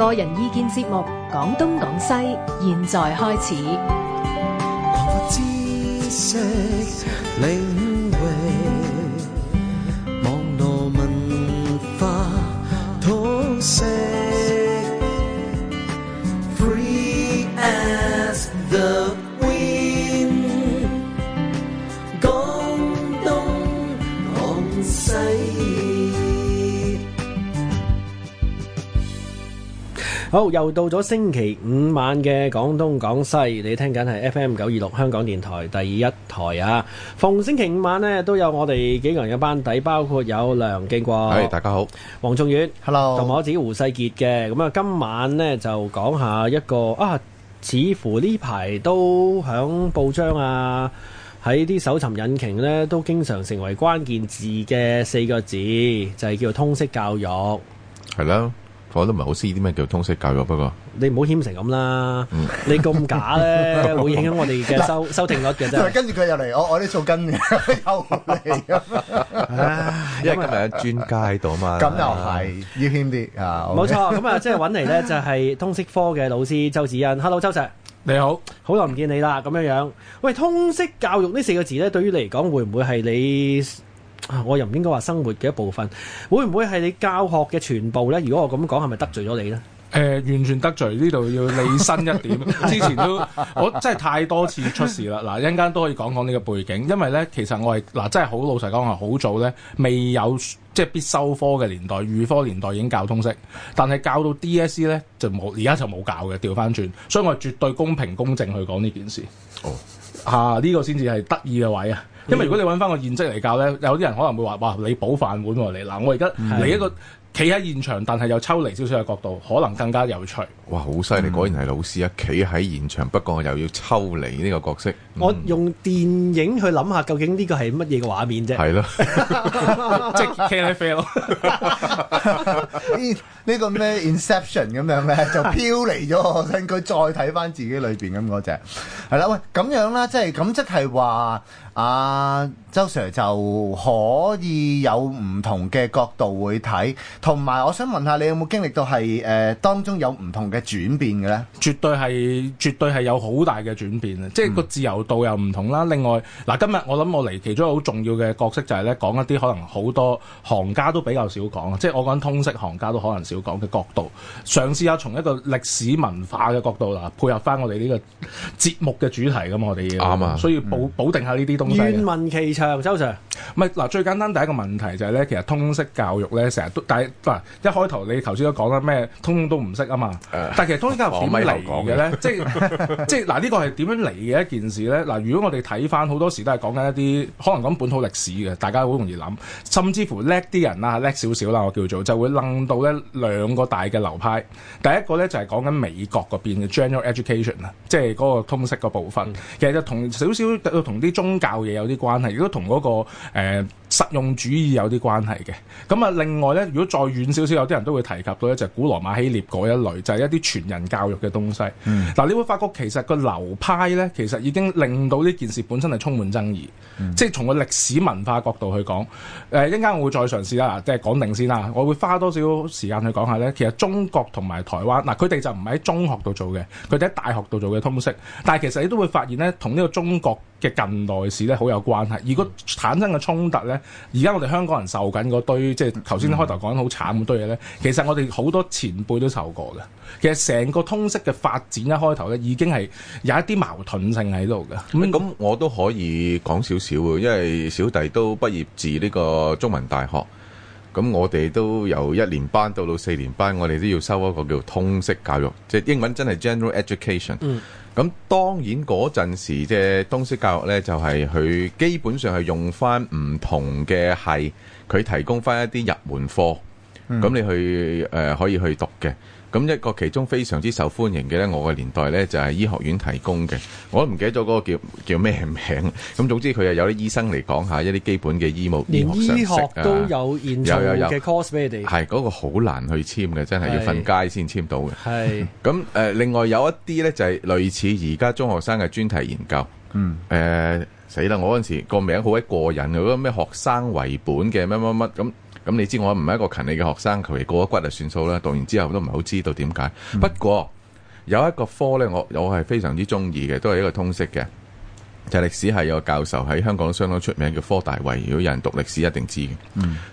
個人意見，節目《講東講西》，現在開始。 好，又到咗星期五晚嘅廣東廣西，你聽緊係 FM 九二六香港電台第一台啊！逢星期五晚呢，都有我哋幾個人嘅班底，包括有梁敬國，係、hey, 大家好，黃仲遠，hello，同埋我自己胡世傑嘅。咁啊，今晚呢，就講下一個啊，似乎呢排都響報章啊，喺啲搜尋引擎呢，都經常成為關鍵字嘅四個字，就係、是、叫通識教育，係啦。我都唔係好知啲咩叫通識教育，不過你唔好謙成咁啦，嗯、你咁假咧， 會影響我哋嘅收啦收聽率嘅啫。 跟住佢又嚟，我我啲草根，又 嚟、啊，因為今日有專家喺度啊嘛。咁又係要謙啲啊，冇錯。咁啊，即係揾嚟咧，就係、是、通識科嘅老師周子恩。Hello，周 Sir，你好，好耐唔見你啦，咁樣樣。喂，通識教育呢四個字咧，對於你嚟講，會唔會係你？我又唔應該話生活嘅一部分，會唔會係你教學嘅全部咧？如果我咁講，係咪得罪咗你咧？誒、呃，完全得罪，呢度要離身一點。 之前都我真係太多次出事啦。嗱，一陣間都可以講講呢個背景，因為咧其實我係嗱真係好老實講話，好早咧未有即係必修科嘅年代，預科年代已經教通識，但係教到 DSE 咧就冇，而家就冇教嘅，調翻轉。所以我係絕對公平公正去講呢件事。哦，啊呢個先至係得意嘅位啊！這個因為如果你揾翻個現職嚟教呢，有啲人可能會話：哇！你補飯碗喎，你嗱，我而家嚟一個企喺現場，但係又抽離少少嘅角度，可能更加有趣。哇！好犀利，嗯、果然係老師啊！企喺現場，不過我又要抽離呢個角色。嗯、我用電影去諗下，究竟呢個係乜嘢嘅畫面啫？係咯 即係 can y o 呢個咩 inception 咁樣呢，就飄離咗，令佢再睇翻自己裏邊咁嗰隻係啦。喂，咁樣啦，即係咁，即係話。阿、啊、周 Sir 就可以有唔同嘅角度會睇，同埋我想問下你有冇經歷到係誒、呃、當中有唔同嘅轉變嘅咧？絕對係絕對係有好大嘅轉變啊！嗯、即係個自由度又唔同啦。另外嗱、啊，今日我諗我嚟其中一個好重要嘅角色就係咧講一啲可能好多行家都比較少講，即係我講通識行家都可能少講嘅角度，嘗試下從一個歷史文化嘅角度嗱，配合翻我哋呢個節目嘅主題咁、嗯，我哋要啱啊！所以保保定下呢啲東。願聞其詳，周 Sir。唔係嗱，最簡單第一個問題就係、是、咧，其實通識教育咧成日都，但係、啊、一開頭你頭先都講啦，咩通通都唔識啊嘛。Uh, 但係其實通識教育點樣嚟嘅咧，uh, 講講即係 即係嗱呢個係點樣嚟嘅一件事咧？嗱、啊，如果我哋睇翻好多時都係講緊一啲可能講本土歷史嘅，大家好容易諗，甚至乎叻啲人啦，叻少少啦，我叫做就會楞到咧兩個大嘅流派。第一個咧就係、是、講緊美國嗰邊嘅 general education 啦，即係嗰個通識個部分，mm hmm. 其實就同少少同啲宗教嘢有啲關係，亦都同嗰、那個。誒實用主義有啲關係嘅，咁啊另外咧，如果再遠少少，有啲人都會提及到咧，就是、古羅馬希臘嗰一類，就係、是、一啲全人教育嘅東西。嗱、嗯，你會發覺其實個流派咧，其實已經令到呢件事本身係充滿爭議。嗯、即係從個歷史文化角度去講，誒一陣間我會再嘗試啦，即係講定先啦。我會花多少時間去講下咧？其實中國同埋台灣，嗱佢哋就唔係喺中學度做嘅，佢哋喺大學度做嘅通識。但係其實你都會發現咧，同呢個中國嘅近代史咧好有關係，如果產生嘅衝突咧，而家我哋香港人受緊嗰堆即係頭先開頭講好慘嗰堆嘢咧，其實我哋好多前輩都受過嘅。其實成個通識嘅發展一開頭咧，已經係有一啲矛盾性喺度嘅。咁我都可以講少少，因為小弟都畢業自呢個中文大學，咁我哋都由一年班到到四年班，我哋都要修一個叫通識教育，即係英文真係 general education，嗯。咁當然嗰陣時即係通識教育咧，就係、是、佢基本上用係用翻唔同嘅係佢提供翻一啲入門課。咁、嗯、你去誒可以去讀嘅，咁一個其中非常之受歡迎嘅咧，我嘅年代咧就係醫學院提供嘅，我都唔記得咗嗰個叫叫咩名，咁總之佢又有啲醫生嚟講下一啲基本嘅醫務連醫學都有啊，有有有，係嗰個好難去簽嘅，真係要瞓街先簽到嘅。係。咁誒、呃，另外有一啲咧就係類似而家中學生嘅專題研究。嗯。誒死啦！我嗰陣時個名好鬼過癮嗰個咩學生為本嘅乜乜乜咁。什麼什麼什麼。咁你知我唔係一個勤力嘅學生，求其過一骨就算數啦。讀完之後都唔係好知道點解。不過有一個科呢，我我係非常之中意嘅，都係一個通識嘅，就係、是、歷史系有個教授喺香港相當出名，叫科大衛。如果有人讀歷史，一定知嘅。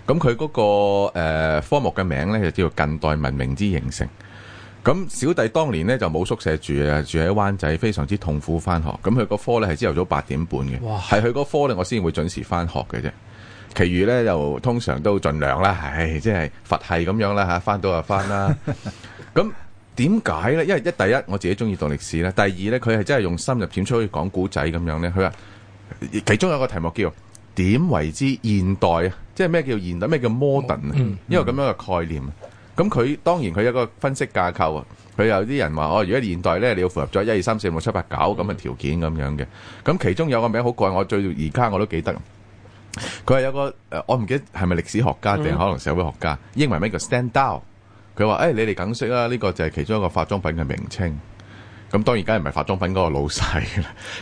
咁佢嗰個誒、呃、科目嘅名呢，就叫做近代文明之形成。咁、嗯、小弟當年呢，就冇宿舍住啊，住喺灣仔，非常之痛苦返學。咁、嗯、佢個科呢，係朝頭早八點半嘅，哇、係佢嗰科呢，我先會準時返學嘅啫。啊其餘咧就通常都儘量啦，唉，即係佛系咁樣啦，吓翻到就翻啦。咁點解咧？因為一第一，我自己中意讀歷史咧；第二咧，佢係真係用深入淺出去講古仔咁樣咧。佢話其中有一個題目叫點為之現代啊，即係咩叫現代咩叫 modern 啊？因為咁樣嘅概念。咁佢當然佢有一個分析架構啊。佢有啲人話哦，如果現代咧，你要符合咗一二三四五六七八九咁嘅條件咁樣嘅。咁其中有一個名好怪，我最到而家我都記得。佢係有個誒，我唔記得係咪歷史學家定可能社會學家、嗯、英文名叫 Stand Out。佢話誒，你哋梗識啦，呢、這個就係其中一個化妝品嘅名稱。咁當然梗係唔係化妝品嗰個老細，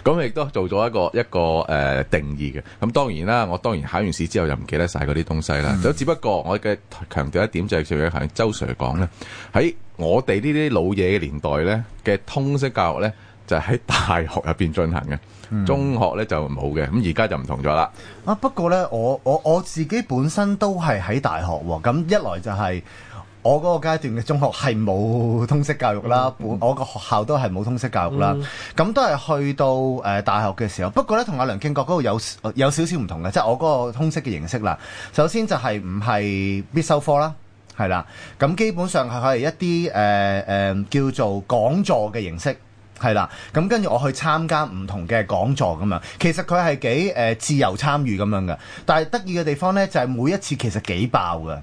咁亦都做咗一個一個誒、呃、定義嘅。咁當然啦，我當然考完試之後就唔記得晒嗰啲東西啦。只、嗯、只不過我嘅強調一點就係，最近周 Sir 講咧，喺我哋呢啲老嘢嘅年代咧嘅通識教育咧。就喺大學入邊進行嘅中學呢，就冇嘅，咁而家就唔同咗啦。啊，不過呢，我我我自己本身都係喺大學喎。咁一來就係我嗰個階段嘅中學係冇通識教育啦，本、嗯、我個學校都係冇通識教育啦。咁、嗯、都係去到誒、呃、大學嘅時候，不過呢，同阿梁敬國嗰度有有，有少少唔同嘅，即係我嗰個通識嘅形式啦。首先就係唔係必修科啦，係啦。咁基本上係係一啲誒誒叫做講座嘅形式。係啦，咁跟住我去參加唔同嘅講座咁樣，其實佢係幾誒自由參與咁樣嘅，但係得意嘅地方呢，就係、是、每一次其實幾爆嘅，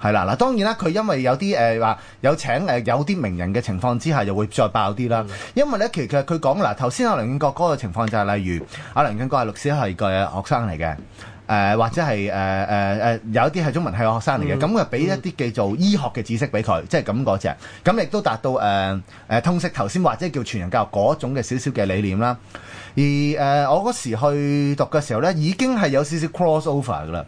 係啦嗱，當然啦，佢因為有啲誒話有請誒、呃、有啲名人嘅情況之下，又會再爆啲啦，因為呢，其實佢講嗱，頭先阿梁敬國嗰個情況就係例如阿梁敬國係律師，係個學生嚟嘅。誒、呃、或者係誒誒誒有一啲係中文系學生嚟嘅，咁佢俾一啲叫做醫學嘅知識俾佢，嗯、即係咁嗰隻，咁亦都達到誒誒通識頭先或者叫全人教育嗰種嘅少少嘅理念啦。而誒、呃、我嗰時去讀嘅時候咧，已經係有少少 cross over 㗎啦，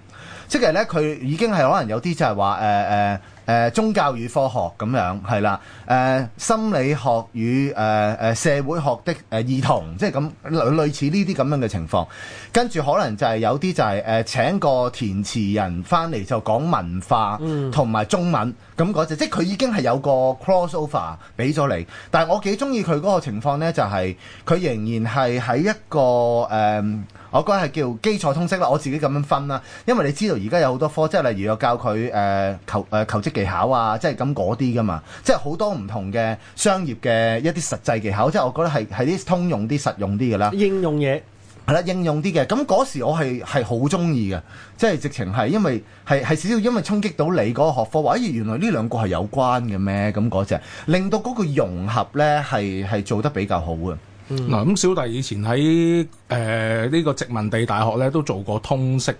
即係咧佢已經係可能有啲就係話誒誒。呃呃誒、呃、宗教與科學咁樣係啦，誒、呃、心理學與誒誒、呃、社會學的誒兒、呃、童，即係咁類似呢啲咁樣嘅情況。跟住可能就係有啲就係、是、誒、呃、請個填詞人翻嚟就講文化同埋中文咁嗰隻，即係佢已經係有個 crossover 俾咗你。但係我幾中意佢嗰個情況呢，就係、是、佢仍然係喺一個誒。呃我覺得係叫基礎通識啦，我自己咁樣分啦，因為你知道而家有好多科，即係例如我教佢誒、呃、求誒、呃、求職技巧啊，即係咁嗰啲噶嘛，即係好多唔同嘅商業嘅一啲實際技巧，即係我覺得係係啲通用啲實用啲嘅啦應。應用嘢係啦，應用啲嘅。咁嗰時我係係好中意嘅，即係直情係因為係係少少因為衝擊到你嗰個學科，話咦、欸、原來呢兩個係有關嘅咩？咁嗰隻令到嗰個融合咧係係做得比較好嘅。嗱，咁、嗯、小弟以前喺誒呢個殖民地大學咧，都做過通識。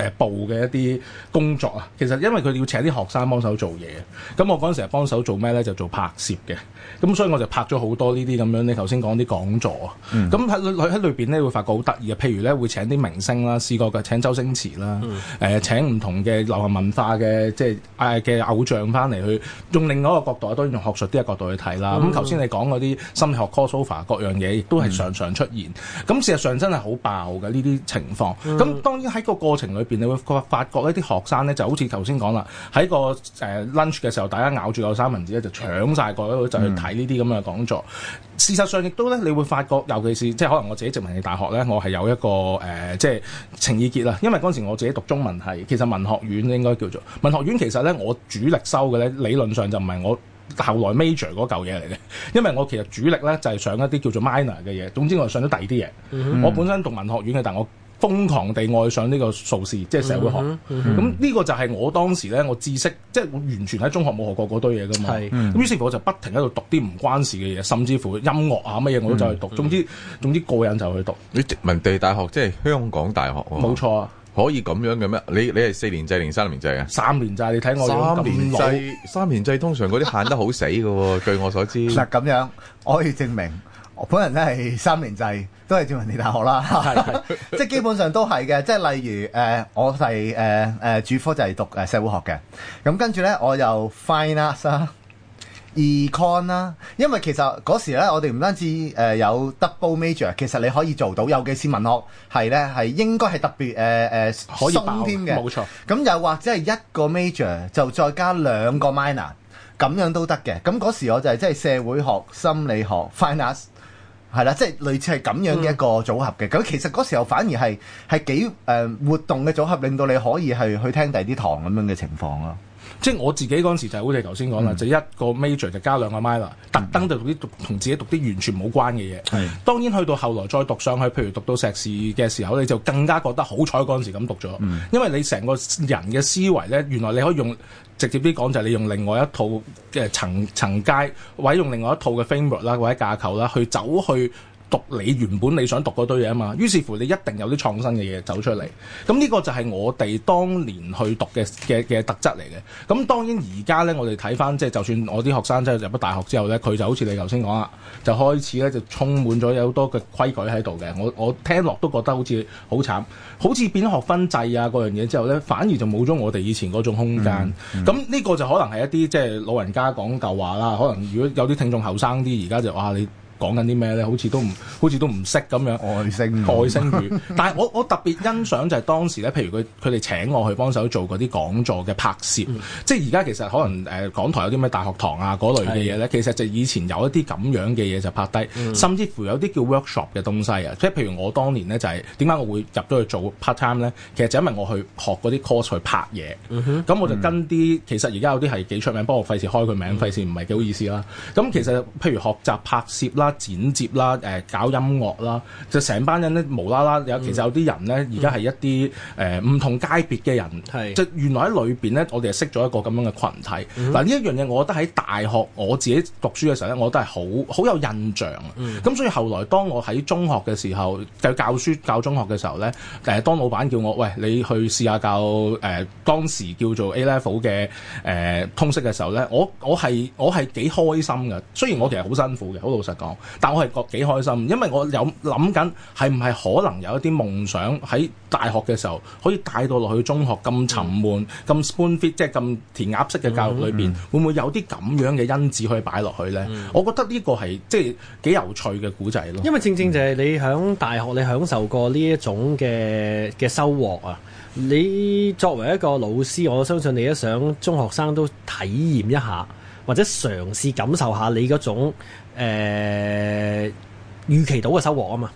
誒部嘅一啲工作啊，其實因為佢要請啲學生幫手做嘢，咁我嗰陣時係幫手做咩咧？就做拍攝嘅，咁所以我就拍咗好多這這、嗯、呢啲咁樣你頭先講啲講座啊，咁喺裏裏喺裏邊咧會發覺好得意啊，譬如咧會請啲明星啦，試過嘅請周星馳啦，誒、嗯呃、請唔同嘅流行文化嘅即係誒嘅偶像翻嚟去用另外一個角度，當然用學術啲嘅角度去睇啦。咁頭先你講嗰啲心理學 c a l l s o f a 各樣嘢都係常常出現，咁、嗯、事實上真係好爆嘅呢啲情況，咁、嗯、當然喺個過程裏。裏邊你會發覺一啲學生咧，就好似頭先講啦，喺個誒 lunch 嘅時候，大家咬住個三文治咧，就搶晒個就去睇呢啲咁嘅講座。Mm hmm. 事實上亦都咧，你會發覺，尤其是即係可能我自己讀殖民地大學咧，我係有一個誒、呃，即係情意結啦。因為嗰陣時我自己讀中文系，其實文學院應該叫做文學院。其實咧，我主力修嘅咧，理論上就唔係我後來 major 嗰嚿嘢嚟嘅，因為我其實主力咧就係、是、上一啲叫做 minor 嘅嘢。總之我上咗第二啲嘢。Mm hmm. 我本身讀文學院嘅，但係我，瘋狂地愛上呢個素士，即係社會學。咁呢、嗯嗯、個就係我當時咧，我知識即係、就是、完全喺中學冇學過嗰堆嘢㗎嘛。咁、嗯、於是乎我就不停喺度讀啲唔關事嘅嘢，甚至乎音樂啊乜嘢我都走去讀。嗯嗯、總之總之個人就去讀。你殖民地大學即係香港大學喎？冇錯、啊，可以咁樣嘅咩？你你係四年制定三年制啊？三年制，你睇我三年制三年制，三年制通常嗰啲限得好死嘅喎、啊。 據我所知，嗱咁樣我可以證明。我本人咧係三年制，都係做民利大學啦， 即係基本上都係嘅。即係例如誒、呃，我係誒誒主科就係讀誒社會學嘅，咁跟住咧我又 finance 啦、啊、econ 啦、啊，因為其實嗰時咧我哋唔單止誒、呃、有 double major，其實你可以做到，尤其是文學係咧係應該係特別誒誒可以鬆添的嘅。冇錯錯，咁又、嗯、或者係一個 major 就再加兩個 minor，咁樣都得嘅。咁嗰時我就係即係社會學、心理學、finance。係啦，即係類似係咁樣嘅一個組合嘅。咁、嗯、其實嗰時候反而係係幾誒、呃、活動嘅組合，令到你可以係去，去聽第二啲堂咁樣嘅情況咯。即係我自己嗰陣時就好似頭先講啦，嗯、就一個 major 就加兩個 mile 啦、嗯，特登就讀啲讀同自己讀啲完全冇關嘅嘢。係、嗯、當然去到後來再讀上去，譬如讀到碩士嘅時候，你就更加覺得好彩嗰陣時咁讀咗，嗯、因為你成個人嘅思維咧，原來你可以用。直接啲講，就係你用另外一套嘅層層階，或者用另外一套嘅 framework 啦，或者架構啦，去走去。讀你原本你想讀嗰堆嘢啊嘛，於是乎你一定有啲創新嘅嘢走出嚟。咁呢個就係我哋當年去讀嘅嘅嘅特質嚟嘅。咁當然而家呢，我哋睇翻即係就算我啲學生真係入咗大學之後呢，佢就好似你頭先講啦，就開始呢，就充滿咗有好多嘅規矩喺度嘅。我我聽落都覺得好似好慘，好似變咗學分制啊嗰樣嘢之後呢，反而就冇咗我哋以前嗰種空間。咁呢、嗯嗯、個就可能係一啲即係老人家講舊話啦。可能如果有啲聽眾後生啲，而家就哇、啊、你～講緊啲咩咧？好似都唔，好似都唔識咁樣。外星外星語。 但係我我特別欣賞就係當時咧，譬如佢佢哋請我去幫手做嗰啲講座嘅拍攝，嗯、即係而家其實可能誒、呃、港台有啲咩大學堂啊嗰類嘅嘢咧，的其實就以前有一啲咁樣嘅嘢就拍低，嗯、甚至乎有啲叫 workshop 嘅東西啊，即係譬如我當年咧就係點解我會入咗去做 part time 咧？其實就因為我去學嗰啲 course 去拍嘢，咁、嗯、哼我就跟啲、嗯、其實而家有啲係幾出名，嗯、但我費事開佢名，費事唔係幾好意思啦。咁其實譬如學習拍攝啦。剪接啦，誒、呃、搞音樂啦，就成班人咧無啦啦有，其實有啲人咧而家係一啲誒唔同階別嘅人，係是即係原來喺裏邊咧，我哋係識咗一個咁樣嘅群體，嗱呢、嗯、一樣嘢，我覺得喺大學我自己讀書嘅時候咧，我都係好好有印象。咁、嗯、所以後來當我喺中學嘅時候，教書教中學嘅時候咧，誒、呃、當老闆叫我喂你去試下教誒、呃、當時叫做 A level 嘅誒、呃、通識嘅時候咧，我我係我係幾開心嘅，雖然我其實好辛苦嘅，好老實講。但我係覺幾開心，因為我有諗緊係唔係可能有一啲夢想喺大學嘅時候可以帶到落去中學，咁沉悶、咁、嗯、spoon fit，即係咁填鴨式嘅教育裏邊，嗯嗯、會唔會有啲咁樣嘅因子可以擺落去呢？嗯、我覺得呢個係即係幾有趣嘅古仔咯。因為正正就係你喺大學你享受過呢一種嘅嘅收穫啊，你作為一個老師，我相信你都想中學生都體驗一下。或者嘗試感受下你嗰種誒、預期到嘅收穫啊嘛，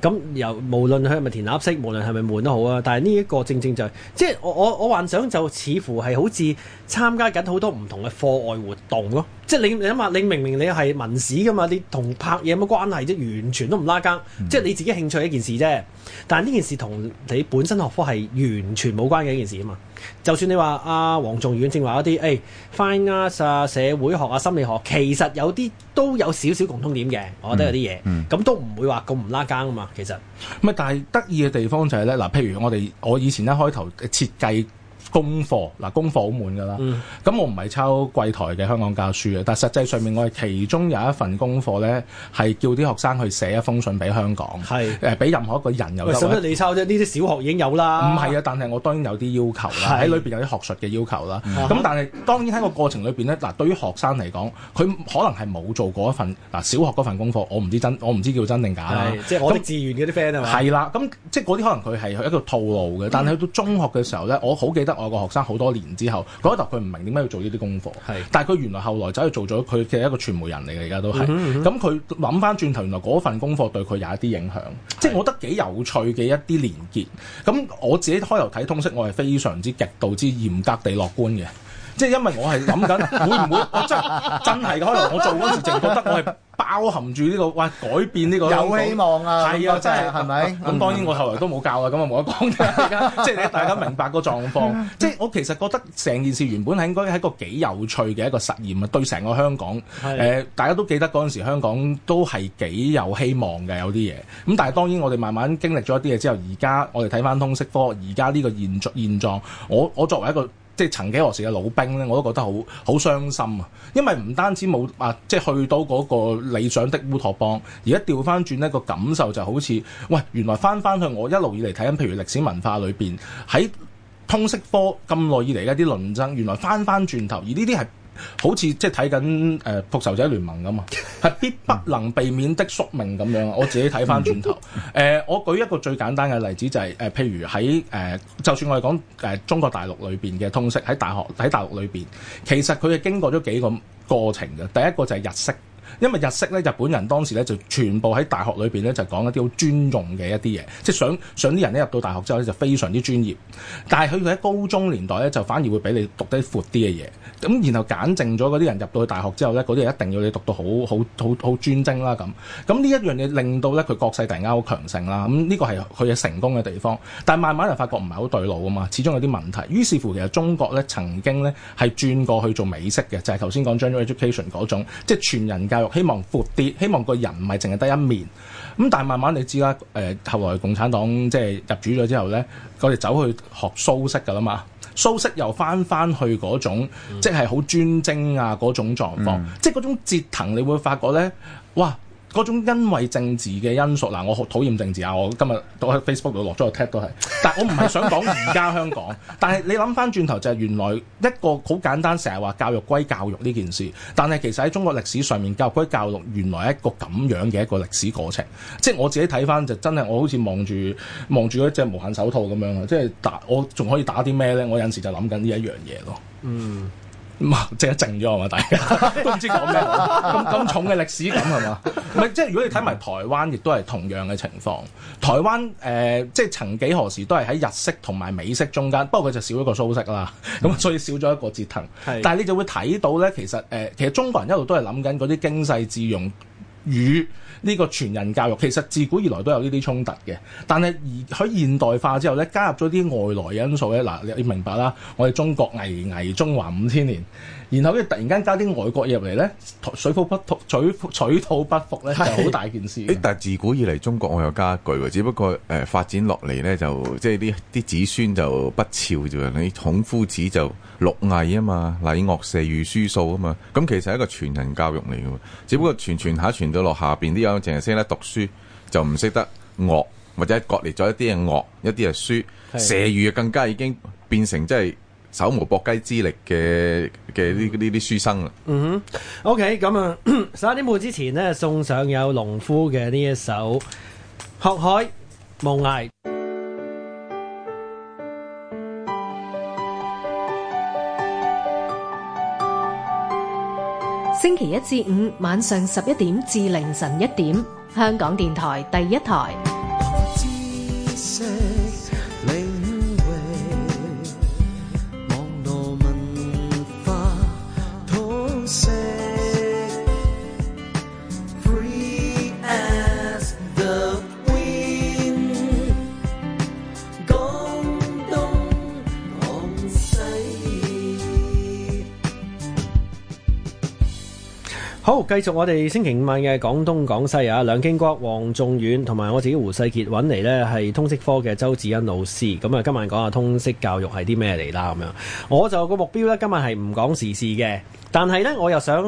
咁由無論佢係咪填鴨式，無論係咪悶都好啊，但係呢一個正正就係，即係我我我幻想就似乎係好似參加緊好多唔同嘅課外活動咯，即係你你諗下，你明明你係文史噶嘛，你同拍嘢有乜關係啫？完全都唔拉更，嗯，即係你自己興趣一件事啫。但係呢件事同你本身學科係完全冇關嘅一件事啊嘛。就算你話阿黃仲遠正話嗰啲，誒、哎、fine arts 啊、社會學啊、心理學，其實有啲都有少少共通點嘅，嗯、我覺得有啲嘢，咁、嗯、都唔會話咁唔拉更啊嘛，其實。咪但係得意嘅地方就係、是、咧，嗱，譬如我哋我以前一開頭設計。功課嗱功課好滿㗎啦，咁我唔係抄櫃台嘅香港教書啊，但實際上面我係其中有一份功課咧，係叫啲學生去寫一封信俾香港，係誒俾任何一個人又得。使乜你抄啫？呢啲小學已經有啦。唔係啊，但係我當然有啲要求啦，喺裏邊有啲學術嘅要求啦。咁但係當然喺個過程裏邊咧，嗱對於學生嚟講，佢可能係冇做過一份嗱小學嗰份功課，我唔知真我唔知叫真定假啦。即係我的志願嗰啲 friend 係嘛？係啦，咁即係嗰啲可能佢係一個套路嘅，但係到中學嘅時候咧，我好記得。我個學生好多年之後嗰度佢唔明點解要做呢啲功課，的但係佢原來後來走去做咗，佢嘅一個傳媒人嚟嘅，而家都係。咁佢諗翻轉頭，原來嗰份功課對佢有一啲影響，的即係我覺得幾有趣嘅一啲連結。咁我自己開頭睇通識，我係非常之極度之嚴格地樂觀嘅。即係因為我係諗緊，會唔會我真真係 可能我做嗰時淨覺得我係包含住呢、呢個，哇！改變呢個有希望啊！係啊，真係係咪？咁當然我後來都冇教啦，咁啊冇得講。嗯、即係大家明白個狀況。嗯、即係我其實覺得成件事原本係應該係一個幾有趣嘅一個實驗啊，對成個香港誒的、呃，大家都記得嗰陣時香港都係幾有希望嘅有啲嘢。咁但係當然我哋慢慢經歷咗一啲嘢之後，而家我哋睇翻通識科，而家呢個現現狀，我我，我作為一個。即係曾幾何時嘅老兵咧，我都覺得好好傷心啊！因為唔單止冇啊，即係去到嗰個理想的烏托邦，而家調翻轉呢個感受就好似，喂，原來翻翻去我一路以嚟睇緊，譬如歷史文化裏邊喺通識科咁耐以嚟嘅一啲論爭，原來翻翻轉頭，而呢啲係。好似即係睇緊誒復仇者聯盟咁啊，係必不能避免的宿命咁樣。我自己睇翻轉頭，誒、呃、我舉一個最簡單嘅例子就係、是、誒、呃，譬如喺誒、呃，就算我哋講誒中國大陸裏邊嘅通識喺大學喺大陸裏邊，其實佢係經過咗幾個過程嘅。第一個就係日式。因為日式咧，日本人當時咧就全部喺大學裏邊咧就講一啲好尊重嘅一啲嘢，即係想想啲人咧入到大學之後咧就非常之專業，但係佢喺高中年代咧就反而會俾你讀得啲闊啲嘅嘢，咁然後簡政咗嗰啲人入到去大學之後咧，嗰啲一定要你讀到好好好好專精啦咁，咁呢一樣嘢令到咧佢國勢突然間好強盛啦，咁呢個係佢嘅成功嘅地方，但係慢慢就發覺唔係好對路啊嘛，始終有啲問題，於是乎其實中國咧曾經咧係轉過去做美式嘅，就係頭先講 General Education 嗰種，即係全人教育。希望闊啲，希望個人唔係淨係得一面。咁但係慢慢你知啦，誒、呃、後來共產黨即係入主咗之後咧，我哋走去學蘇式㗎喇嘛，蘇式又翻翻去嗰種，嗯、即係好專精啊嗰種狀況，嗯、即係嗰種折騰，你會發覺咧，哇！嗰種因為政治嘅因素，嗱，我好討厭政治啊！我今日都喺 Facebook 度落咗個 tap 都係，但係我唔係想講而家香港。 但係你諗翻轉頭就係原來一個好簡單，成日話教育歸教育呢件事，但係其實喺中國歷史上面，教育歸教育，原來一個咁樣嘅一個歷史過程。即係我自己睇翻就真係，我好似望住望住嗰隻無限手套咁樣啊！即係打我仲可以打啲咩咧？我有時就諗緊呢一樣嘢咯。嗯。唔啊，即係靜咗啊嘛！大家靜靜 都唔知講咩，咁咁 重嘅歷史感係嘛，唔係 即係如果你睇埋台灣，亦都係同樣嘅情況。台灣誒、呃，即係曾幾何時都係喺日式同埋美式中間，不過佢就少咗個蘇式啦，咁、 嗯、所以少咗一個折騰。的但係你就會睇到咧，其實誒、呃，其實中國人一路都係諗緊嗰啲經世致用與。語呢個全人教育其實自古以來都有呢啲衝突嘅，但係而喺現代化之後咧，加入咗啲外來因素咧，嗱你明白啦，我哋中國巍巍，中華五千年。然後跟住突然間加啲外國入嚟咧，水土不土，水土不服咧，就好、是、大件事。 但係自古以嚟中國我有加一句喎，只不過誒、呃、發展落嚟咧，就即係啲啲子孫就不肖就係你孔夫子就六藝啊嘛，禮樂射御書數啊嘛，咁其實係一個全人教育嚟嘅，只不過傳傳下傳到落下邊啲人淨係識得讀書，就唔識得樂或者割裂咗一啲嘅樂，一啲嘅書、射御是更加已經變成、就是、即係。手無縛雞之力嘅嘅呢呢啲書生啊！嗯哼，OK，咁啊，十一點半之前呢，送上有農夫嘅呢一首《學海無涯》。星期一至五晚上十一點至凌晨一點，香港電台第一台。好，繼續我哋星期五晚嘅廣東廣西啊，梁敬國、黃仲遠同埋我自己胡世杰揾嚟呢，係通識科嘅周子恩老師。咁啊，今晚講下通識教育係啲咩嚟啦。咁樣，我就個目標呢，今晚係唔講時事嘅，但係呢，我又想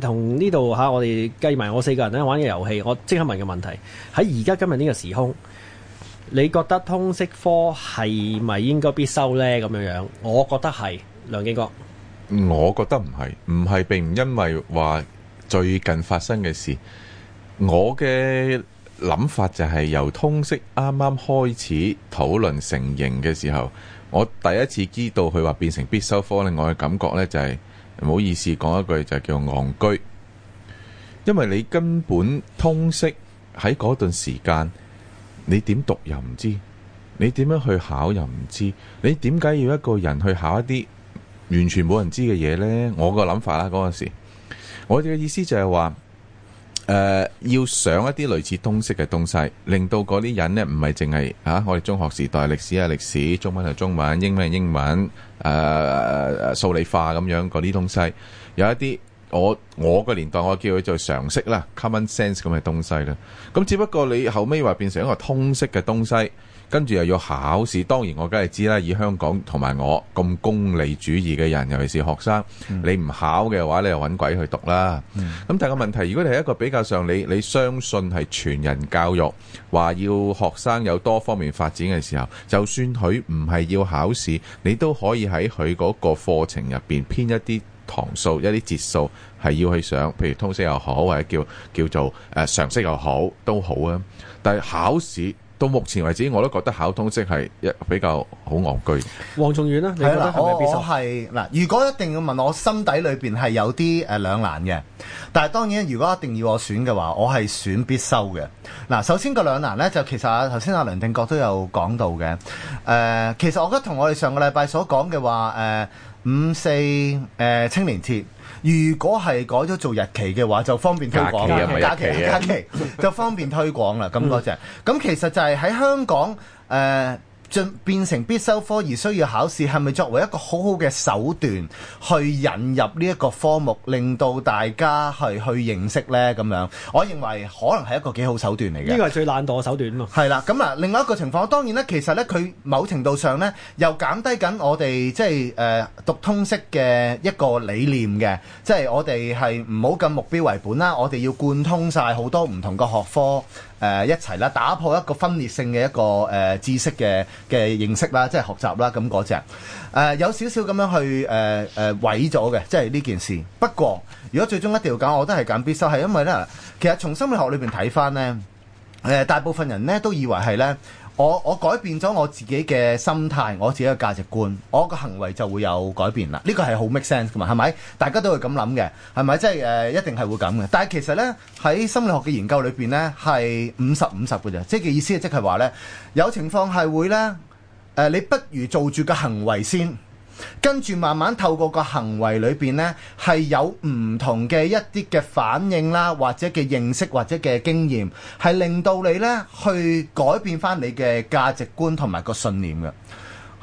同呢度吓我哋計埋我四個人呢玩嘅遊戲。我即刻問個問題：喺而家今日呢個時空，你覺得通識科係咪應該必修呢？咁樣樣，我覺得係梁敬國，我覺得唔係，唔係並唔因為話。最近發生嘅事，我嘅諗法就係由通識啱啱開始討論成形嘅時候，我第一次知道佢話變成必修科咧，我嘅感覺呢、就是，就係唔好意思講一句就叫戇居，因為你根本通識喺嗰段時間，你點讀又唔知，你點樣去考又唔知，你點解要一個人去考一啲完全冇人知嘅嘢呢？我個諗法啦，嗰陣時。我哋嘅意思就係話，誒、呃、要想一啲類似通識嘅東西，令到嗰啲人呢唔係淨係嚇我哋中學時代歷史啊歷史、中文係中文、英文係英文、誒、呃、數理化咁樣嗰啲東西，有一啲我我個年代我叫佢做常識啦、common sense 咁嘅東西啦。咁只不過你後尾話變成一個通識嘅東西。跟住又要考試，當然我梗係知啦。以香港同埋我咁功利主義嘅人，尤其是學生，嗯、你唔考嘅話，你又揾鬼去讀啦。咁、嗯、但係個問題，如果你係一個比較上你你相信係全人教育，話要學生有多方面發展嘅時候，就算佢唔係要考試，你都可以喺佢嗰個課程入邊編一啲堂數、一啲節數，係要去上，譬如通識又好，或者叫叫做、呃、常識又好都好啊。但係考試。到目前為止，我都覺得考通識係一比較好昂居。黃仲遠咧，你覺得係咪必修？ 我係嗱，如果一定要問我，我心底裏邊係有啲誒、呃、兩難嘅，但係當然如果一定要我選嘅話，我係選必修嘅。嗱，首先個兩難呢，就其實頭先阿梁敬國都有講到嘅。誒、呃，其實我覺得同我哋上個禮拜所講嘅話，誒、呃、五四誒、呃、青年節。如果係改咗做日期嘅話，就方便推廣。假期，係咪日期？假期 假期就方便推廣啦。咁多謝，咁其實就係喺香港誒。呃進變成必修科而需要考試，係咪作為一個好好嘅手段去引入呢一個科目，令到大家係去認識呢？咁樣，我認為可能係一個幾好手段嚟嘅。呢個係最懶惰嘅手段咯。係啦，咁啊，另外一個情況，當然呢，其實呢，佢某程度上呢，又減低緊我哋即係誒、呃、讀通識嘅一個理念嘅，即係我哋係唔好咁目標為本啦，我哋要貫通晒好多唔同嘅學科誒、呃、一齊啦，打破一個分裂性嘅一個誒、呃、知識嘅。嘅認識啦，即係學習啦，咁嗰隻誒有少少咁樣去誒誒、呃呃、毀咗嘅，即係呢件事。不過如果最終一定要揀，我都係揀必修，係因為咧，其實從心理學裏邊睇返咧，誒、呃、大部分人咧都以為係咧。我我改變咗我自己嘅心態，我自己嘅價值觀，我個行為就會有改變啦。呢個係好 make sense 㗎嘛，係咪？大家都會咁諗嘅，係咪？即係誒、呃，一定係會咁嘅。但係其實呢，喺心理學嘅研究裏邊呢，係五十五十嘅啫。即係意思即係話呢，有情況係會呢，誒、呃，你不如做住個行為先。跟住慢慢透過個行為裏邊呢，係有唔同嘅一啲嘅反應啦，或者嘅認識，或者嘅經驗，係令到你呢去改變翻你嘅價值觀同埋個信念嘅。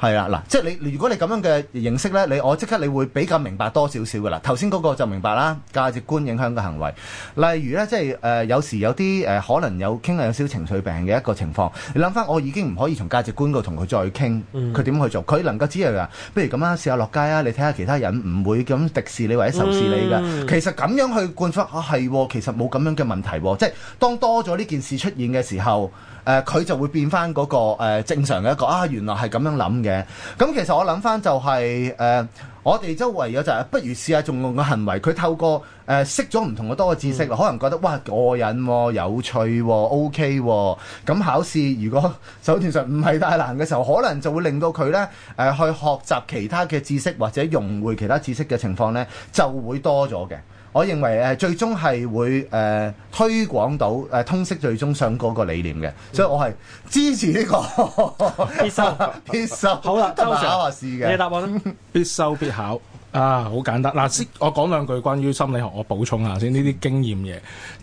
係啊，嗱，即係你如果你咁樣嘅認識呢，你我即刻你會比較明白多少少嘅啦。頭先嗰個就明白啦，價值觀影響嘅行為。例如呢，即係誒、呃，有時有啲誒、呃，可能有傾有少少情緒病嘅一個情況。你諗翻，我已經唔可以從價值觀度同佢再傾，佢點去做？佢能夠知道啊，不如咁啦，試下落街啊，你睇下其他人唔會咁敵視你或者仇視你㗎、嗯啊。其實咁樣去灌翻，係，其實冇咁樣嘅問題喎。即係當多咗呢件事出現嘅時候。誒佢、呃、就會變翻嗰、那個、呃、正常嘅一個啊，原來係咁樣諗嘅。咁、嗯、其實我諗翻就係、是、誒、呃，我哋周圍有咗就係，不如試下縱容個行為。佢透過誒、呃、識咗唔同嘅多個知識，嗯、可能覺得哇過癮喎、哦、有趣喎、哦、OK 喎、哦。咁、嗯、考試如果手段上唔係太難嘅時候，可能就會令到佢呢誒、呃、去學習其他嘅知識，或者融會其他知識嘅情況呢，就會多咗嘅。我認為誒最終係會誒、呃、推廣到誒、呃、通識最終上嗰個理念嘅，嗯、所以我係支持呢、呢個必修。必修好啦，通常嘅你答案必修必考。啊，好簡單嗱、啊！我講兩句關於心理學，我補充下先呢啲經驗嘢。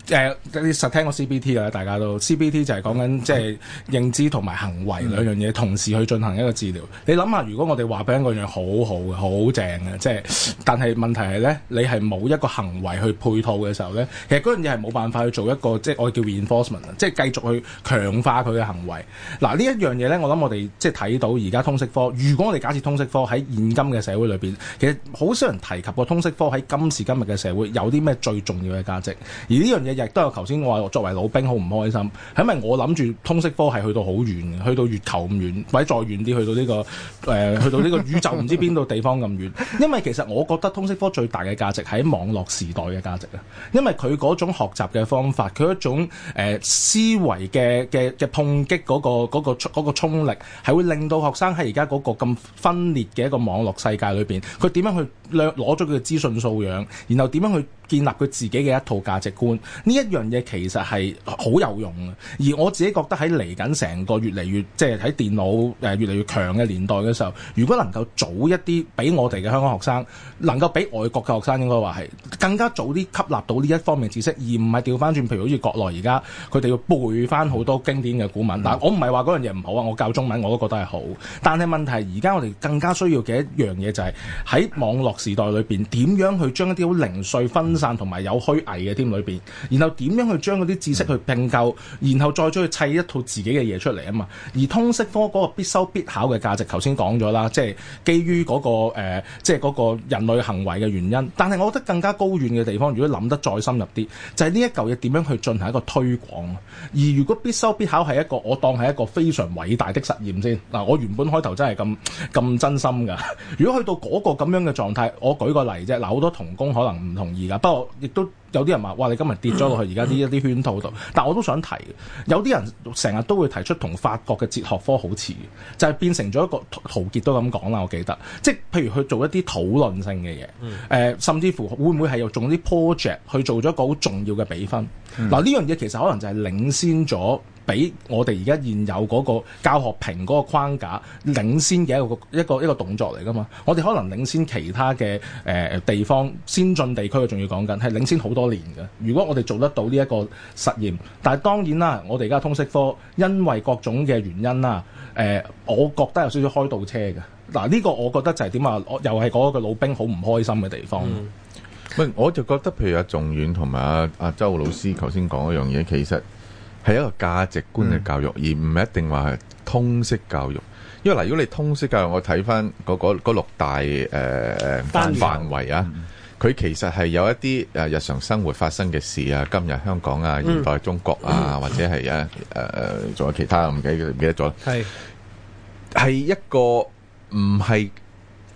誒、呃，你實聽過 CBT 啊？大家都 CBT 就係講緊即係認知同埋行為兩樣嘢同時去進行一個治療。嗯、你諗下，如果我哋話俾一嗰樣好好嘅、好正嘅，即係，但係問題係咧，你係冇一個行為去配套嘅時候呢其實嗰樣嘢係冇辦法去做一個即係我叫 reinforcement 即係繼續去強化佢嘅行為。嗱呢一樣嘢呢，我諗我哋即係睇到而家通識科，如果我哋假設通識科喺現今嘅社會裏邊，其實好少人提及過通識科喺今時今日嘅社會有啲咩最重要嘅價值？而呢樣嘢亦都有頭先我話作為老兵好唔開心，因為我諗住通識科係去到好遠，去到月球咁遠或者再遠啲去到呢、呢個誒、呃、去到呢個宇宙唔知邊度地方咁遠，因為其實我覺得通識科最大嘅價值喺網絡時代嘅價值啊，因為佢嗰種學習嘅方法，佢一種誒、呃、思維嘅嘅嘅碰擊，嗰個、嗰個嗰個嗰個衝力，係會令到學生喺而家嗰個咁分裂嘅一個網絡世界裏邊，佢點樣去？攞咗佢嘅資訊素養，然後點樣去建立佢自己嘅一套價值觀？呢一樣嘢其實係好有用嘅。而我自己覺得喺嚟緊成個越嚟越即係喺電腦誒越嚟越強嘅年代嘅時候，如果能夠早一啲俾我哋嘅香港學生，能夠俾外國嘅學生應該話係更加早啲吸納到呢一方面知識，而唔係調翻轉，譬如好似國內而家佢哋要背翻好多經典嘅古文。嗯、但我唔係話嗰樣嘢唔好啊，我教中文我都覺得係好。但係問題而家我哋更加需要嘅一樣嘢就係、是、喺網落時代裏邊點樣去將一啲好零碎分散同埋有虛偽嘅添裏邊，然後點樣去將嗰啲知識去並購，然後再將佢砌一套自己嘅嘢出嚟啊嘛！而通識科嗰個必修必考嘅價值，頭先講咗啦，即係基於嗰個誒，即係嗰個人類行為嘅原因。但係我覺得更加高遠嘅地方，如果諗得再深入啲，就係呢一嚿嘢點樣去進行一個推廣。而如果必修必考係一個，我當係一個非常偉大的實驗先嗱、啊。我原本開頭真係咁咁真心㗎。如果去到嗰個咁樣嘅狀我舉個例啫，嗱好多同工可能唔同意噶，不過亦都有啲人話，哇！你今日跌咗落去而家呢一啲圈套度，但我都想提，有啲人成日都會提出同法國嘅哲學科好似，就係、是、變成咗一個陶傑都咁講啦，我記得，即係譬如去做一啲討論性嘅嘢，誒、呃，甚至乎會唔會係又做啲 project 去做咗一個好重要嘅比分？嗱，呢樣嘢其實可能就係領先咗。俾我哋而家現有嗰個教學屏嗰個框架領先嘅一個一個一個動作嚟噶嘛？我哋可能領先其他嘅誒、呃、地方先進地區，仲要講緊係領先好多年嘅。如果我哋做得到呢一個實驗，但係當然啦，我哋而家通識科因為各種嘅原因啦，誒、呃，我覺得有少少開倒車嘅。嗱，呢、這個我覺得就係點啊？我又係嗰個老兵好唔開心嘅地方。唔、嗯、我就覺得譬如阿仲遠同埋阿阿周老師頭先講一樣嘢，嗯、其實。係一個價值觀嘅教育，而唔係一定話係通識教育。因為嗱，如果你通識教育，我睇翻嗰嗰六大誒範圍啊，佢、嗯、其實係有一啲誒日常生活發生嘅事啊，今日香港啊，現代中國啊，嗯、或者係啊，誒、呃、仲有其他，唔記記得咗？係係是一個唔係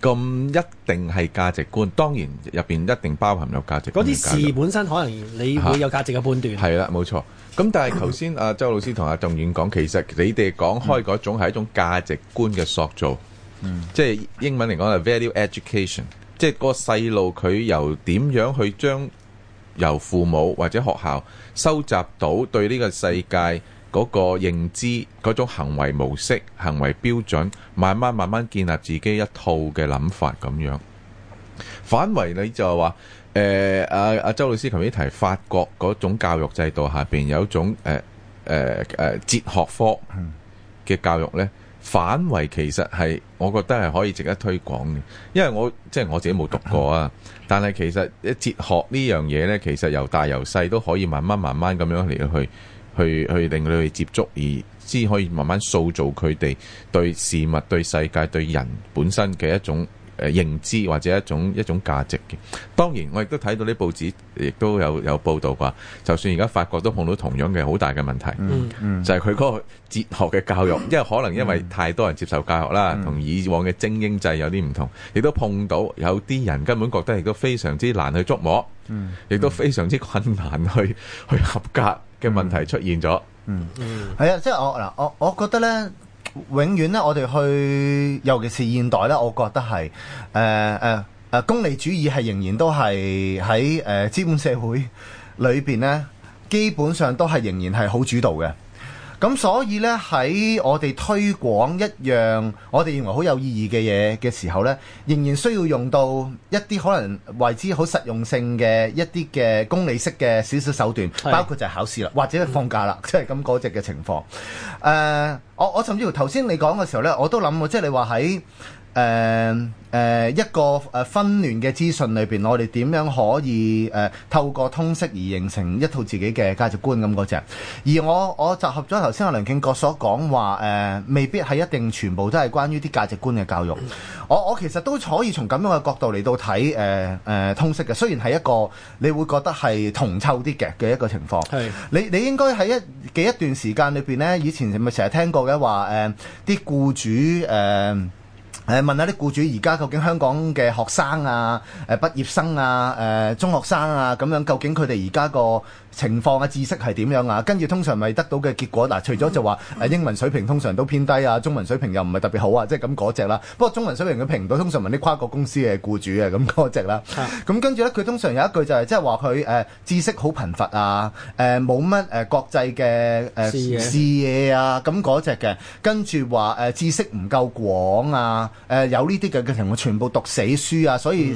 咁一定係價值觀。當然入邊一定包含有價值觀嘅價值。嗰啲事本身可能你會有價值嘅判斷。係啦、啊，冇錯。咁但係頭先啊，周老師同阿仲遠講，其實你哋講開嗰種係一種價值觀嘅塑造，嗯、即係英文嚟講係 value education，即係嗰個細路佢由點樣去將由父母或者學校收集到對呢個世界嗰個認知嗰種行為模式、行為標準，慢慢慢慢建立自己一套嘅諗法咁樣。反為你就係話。誒，阿阿周老師琴日提法國嗰種教育制度下邊有一種誒誒誒哲學科嘅教育咧，反為其實係我覺得係可以值得推廣嘅，因為我即係我自己冇讀過啊，但係其實一哲學呢樣嘢咧，其實由大由細都可以慢慢慢慢咁樣嚟到去去去令你去接觸，而先可以慢慢塑造佢哋對事物、對世界、對人本身嘅一種。誒認知或者一種一種價值嘅，當然我亦都睇到啲報紙，亦都有有報道啩。就算而家法國都碰到同樣嘅好大嘅問題，嗯嗯，嗯，就係佢嗰個哲學嘅教育，嗯、因為可能因為太多人接受教學啦，同、嗯、以往嘅精英制有啲唔同，亦都碰到有啲人根本覺得亦都非常之難去捉摸，嗯，嗯，亦都非常之困難去、嗯、去合格嘅問題出現咗、嗯，嗯嗯，係、嗯、啊，即係我嗱我我覺得咧。 永遠咧，我哋去，尤其是現代咧，我覺得係，誒誒誒，功利主義係仍然都係喺誒資本社會裏邊咧，基本上都係仍然係好主導嘅。咁所以呢，喺我哋推廣一樣我哋認為好有意義嘅嘢嘅時候呢，仍然需要用到一啲可能為之好實用性嘅一啲嘅功利式嘅少少手段，是包括就係考試啦，或者放假啦，即係咁嗰隻嘅情況。誒、呃，我我甚至乎頭先你講嘅時候呢，我都諗過，即係你話喺。誒誒、呃呃、一個誒紛亂嘅資訊裏邊，我哋點樣可以誒、呃、透過通識而形成一套自己嘅價值觀咁嗰隻？而我我集合咗頭先阿梁敬國所講話誒、呃，未必係一定全部都係關於啲價值觀嘅教育。我我其實都可以從咁樣嘅角度嚟到睇誒誒通識嘅，雖然係一個你會覺得係同臭啲嘅嘅一個情況。係是你你應該喺一幾一段時間裏邊呢？以前咪成日聽過嘅話誒，啲、呃、僱主誒。呃誒問下啲僱主，而家究竟香港嘅學生啊、誒畢業生啊、誒、呃、中學生啊咁樣，究竟佢哋而家個。情況啊，知識係點樣啊？跟住通常咪得到嘅結果嗱、啊，除咗就話誒、啊、英文水平通常都偏低啊，中文水平又唔係特別好啊，即係咁嗰隻啦。不過中文水平佢評唔到，通常問啲跨國公司嘅僱主啊，咁嗰隻啦。咁是、嗯、跟住咧，佢通常有一句就係即係話佢誒知識好貧乏啊，誒冇乜誒國際嘅誒視野啊，咁嗰隻嘅。跟住話誒知識唔夠廣啊，誒、呃呃、有呢啲嘅嘅情況，全部，全部讀死書啊，所以、嗯。